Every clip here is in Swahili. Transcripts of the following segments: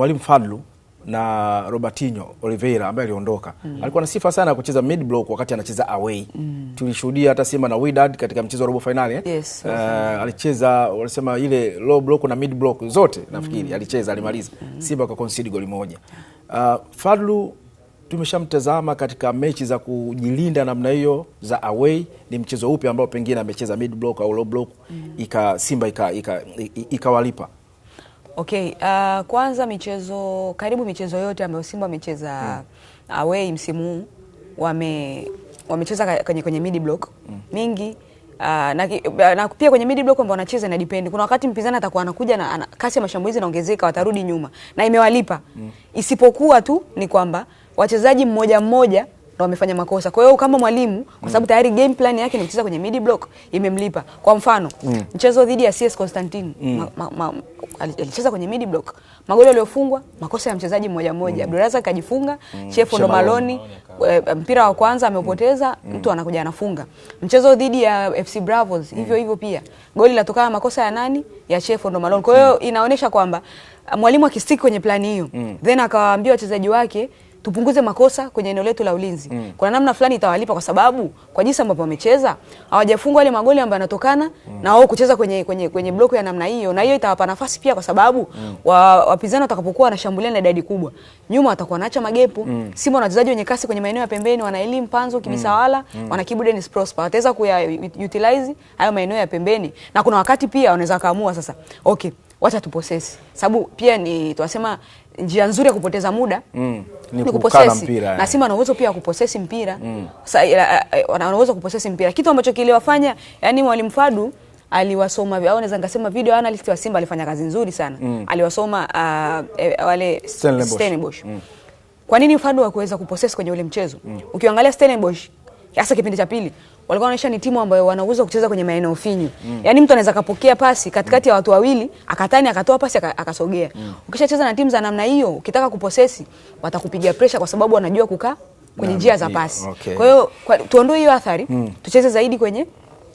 Mwalimu Fadlu na Robertinho Oliveira ambaye aliondoka mm. alikuwa na sifa sana ya kucheza mid block wakati anacheza away mm. tulishuhudia hata Simba na Wydad katika mchezo wa robo finali eh? yes, yes, uh, alicheza walisema ile low block na mid block zote nafikiri mm. alicheza alimaliza mm. Simba kwa concede goli moja. Uh, Fadlu tumeshamtazama katika mechi za kujilinda namna hiyo za away. Ni mchezo upi ambao pengine amecheza mid block au low block mm. ika Simba ikawalipa ika, ika, ika Okay, uh, kwanza michezo karibu michezo yote ambayo Simba wamecheza mm. away msimu huu wame wamecheza kwenye, kwenye mid block mm. mingi uh, na, uh, na pia kwenye mid block ambao wanacheza na depend. Kuna wakati mpinzani atakuwa anakuja na ana, kasi ya mashambulizi inaongezeka, watarudi nyuma na imewalipa mm. isipokuwa tu ni kwamba wachezaji mmoja mmoja ndo amefanya makosa. Kwa hiyo kama mwalimu, kwa sababu tayari game plan yake ni kucheza kwenye mid block, imemlipa. Kwa mfano mm. mchezo dhidi ya CS Constantine mm. alicheza kwenye mid block, magoli aliyofungwa makosa ya mchezaji mmoja mmoja, mm. Abdulrazak kajifunga mm. Chefo ndo Maloni mpira wa kwanza ameupoteza, mm. mtu anakuja anafunga. Mchezo dhidi ya FC Bravos mm. hivyo hivyo pia goli latokana makosa ya nani? Ya Chefo ndo Maloni. Kwa hiyo mm. inaonyesha kwamba ah, mwalimu akistiki kwenye plani hiyo mm. then akawaambia wachezaji wake tupunguze makosa kwenye eneo letu la ulinzi mm. Kuna namna fulani itawalipa kwa sababu kwa jinsi ambavyo wamecheza hawajafungwa wale magoli ambayo yanatokana mm. na wao kucheza kwenye, kwenye, kwenye bloku ya namna hiyo, na hiyo itawapa nafasi pia kwa sababu mm. wapinzani wa, watakapokuwa wanashambulia na idadi kubwa nyuma watakuwa naacha magepo mm. Simba wana wachezaji wenye kasi kwenye maeneo ya pembeni, wana elimu Panzo Kibisawala mm. mm. wana Kibu Dennis Prosper, wataweza kuya utilize hayo maeneo ya pembeni, na kuna wakati pia wanaweza kaamua sasa okay wacha tuposesi, sababu pia ni tunasema njia nzuri ya kupoteza muda mm, ni kuposesi eh. na Simba ana uwezo pia kuposesi mpira mm. Eh, eh, ana uwezo kuposesi mpira, kitu ambacho kiliwafanya yani mwalimu Fadu aliwasoma au naweza ngasema video analyst wa Simba alifanya kazi nzuri sana mm. Aliwasoma uh, e, wale Stellenbosch mm. Kwa nini Fadu hakuweza kuposesi kwenye ule mchezo mm. Ukiangalia Stellenbosch hasa kipindi cha pili walikuwa wanaonyesha ni timu ambayo wana uwezo kucheza kwenye maeneo finyu mm. Yaani mtu anaweza kapokea pasi katikati ya watu wawili akatani akatoa pasi akasogea mm. Ukishacheza na timu za namna hiyo, ukitaka kuposesi watakupigia pressure kwa sababu wanajua kukaa kwenye njia za pasi okay. Kwa hiyo tuondoe hiyo athari mm. Tucheze zaidi kwenye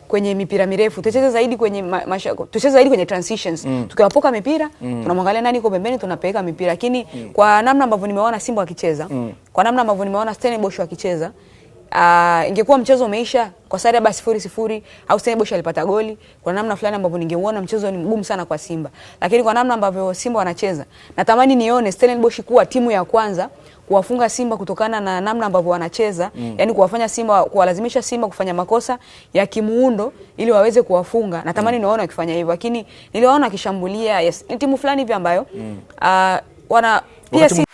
kwenye mipira mirefu, tucheze zaidi kwenye mashako, tucheze zaidi kwenye transitions mm. Tukiwapoka mipira mm. tunamwangalia nani yuko pembeni, tunapeleka mipira lakini mm. Kwa namna ambavyo nimeona Simba akicheza, mm. Kwa namna ambavyo nimeona Stellenbosch wakicheza Uh, ingekuwa mchezo umeisha kwa sare labda sifuri sifuri au Stellenbosch alipata goli, kwa namna fulani ambavyo ningeuona mchezo ni mgumu sana kwa Simba, lakini kwa namna ambavyo Simba wanacheza natamani nione Stellenbosch kuwa timu ya kwanza kuwafunga Simba kutokana na namna ambavyo wanacheza mm. Yani kuwafanya Simba, kuwalazimisha Simba kufanya makosa ya kimuundo ili waweze kuwafunga. Natamani mm. niwaone wakifanya hivyo, lakini niliwaona wakishambulia yes, timu fulani hivi ambayo mm. uh, wana pia